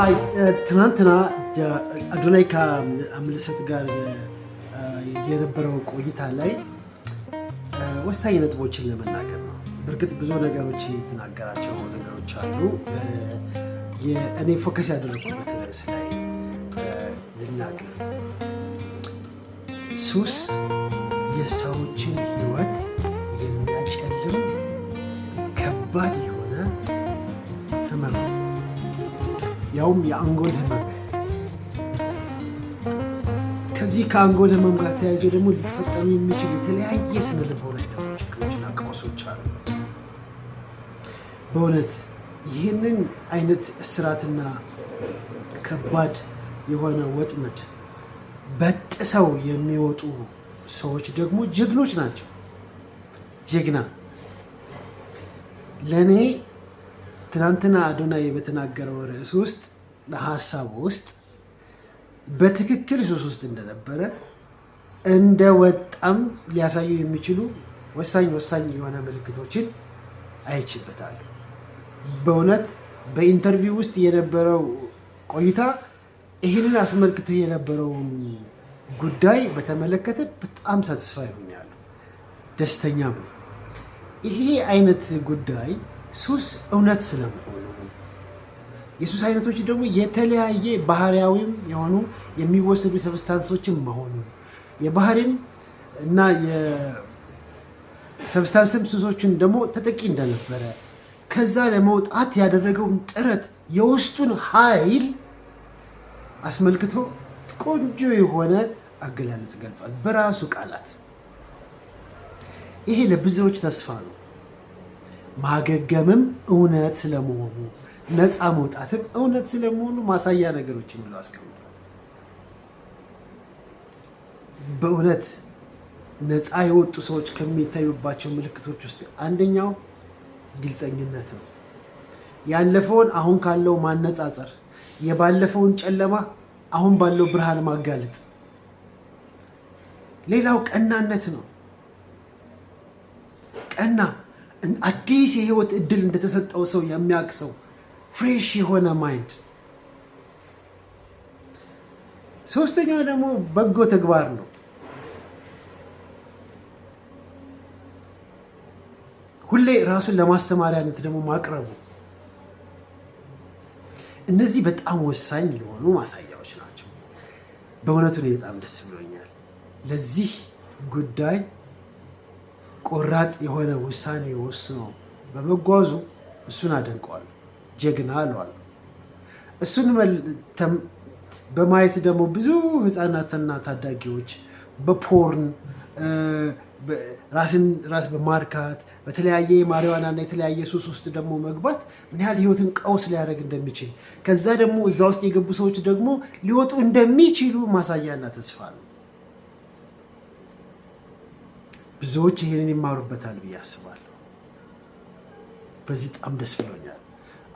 Uh, ትናንትና አዶናይ ከአምልሰት ጋር uh, የነበረው ቆይታ ላይ uh, ወሳኝ ነጥቦችን ለመናገር ነው። በእርግጥ ብዙ ነገሮች የተናገራቸው ነገሮች አሉ። እኔ ፎከስ ያደረግኩበት ርዕስ ላይ ልናገር። ሱስ የሰዎችን ሕይወት የሚያጨልም ከባድ ያውም የአንጎል ህመም። ከዚህ ከአንጎል ህመም ጋር ተያይዞ ደግሞ ሊፈጠሩ የሚችሉ የተለያየ ስነ ልቦና ችግሮችና ቀውሶች አሉ። በእውነት ይህንን አይነት እስራትና ከባድ የሆነ ወጥመድ በጥሰው የሚወጡ ሰዎች ደግሞ ጀግኖች ናቸው። ጀግና ለእኔ ትናንትና አዶናይ በተናገረው ርዕስ ውስጥ ሀሳብ ውስጥ በትክክል ሱስ ውስጥ እንደነበረ እንደ ወጣም ሊያሳዩ የሚችሉ ወሳኝ ወሳኝ የሆነ ምልክቶችን አይችበታሉ። በእውነት በኢንተርቪው ውስጥ የነበረው ቆይታ ይህንን አስመልክቶ የነበረውን ጉዳይ በተመለከተ በጣም ሳትስፋ ይሆኛሉ፣ ደስተኛም ይሄ አይነት ጉዳይ ሱስ እውነት ስለመሆኑ የሱስ አይነቶች ደግሞ የተለያየ ባህሪያዊም የሆኑ የሚወሰዱ ሰብስታንሶችን መሆኑ የባህሪም እና የሰብስታንስም ሱሶችን ደግሞ ተጠቂ እንደነበረ ከዛ ለመውጣት ያደረገውን ጥረት የውስጡን ኃይል አስመልክቶ ቆንጆ የሆነ አገላለጽ ገልጿል በራሱ ቃላት። ይሄ ለብዙዎች ተስፋ ነው። ማገገምም እውነት ስለመሆኑ ነፃ መውጣትም እውነት ስለመሆኑ ማሳያ ነገሮች ብሎ አስቀምጧል። በእውነት ነፃ የወጡ ሰዎች ከሚታዩባቸው ምልክቶች ውስጥ አንደኛው ግልፀኝነት ነው። ያለፈውን አሁን ካለው ማነፃፀር፣ የባለፈውን ጨለማ አሁን ባለው ብርሃን ማጋለጥ። ሌላው ቀናነት ነው። ቀና አዲስ የህይወት እድል እንደተሰጠው ሰው የሚያውቅ ሰው ፍሬሽ የሆነ ማይንድ። ሶስተኛው ደግሞ በጎ ተግባር ነው። ሁሌ ራሱን ለማስተማሪያነት ደግሞ ማቅረቡ። እነዚህ በጣም ወሳኝ የሆኑ ማሳያዎች ናቸው። በእውነቱ በጣም ደስ ብሎኛል ለዚህ ጉዳይ ቆራጥ የሆነ ውሳኔ ወስኖ በመጓዙ እሱን አደንቀዋል፣ ጀግና አለዋል። እሱን በማየት ደግሞ ብዙ ህፃናትና ታዳጊዎች በፖርን ራስን ራስ በማርካት በተለያየ የማሪዋናና የተለያየ ሱስ ውስጥ ደግሞ መግባት ምን ያህል ህይወትን ቀውስ ሊያደርግ እንደሚችል ከዛ ደግሞ እዛ ውስጥ የገቡ ሰዎች ደግሞ ሊወጡ እንደሚችሉ ማሳያና ተስፋ ነው። ብዙዎች ይሄንን ይማሩበታል ብዬ አስባለሁ። በዚህ በጣም ደስ ብሎኛል።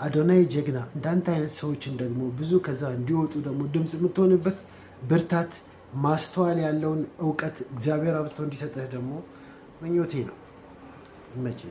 አዶናይ ጀግና፣ እንዳንተ አይነት ሰዎችን ደግሞ ብዙ ከዛ እንዲወጡ ደግሞ ድምፅ የምትሆንበት ብርታት፣ ማስተዋል ያለውን እውቀት እግዚአብሔር አብዝቶ እንዲሰጥህ ደግሞ ምኞቴ ነው። ይመችህ።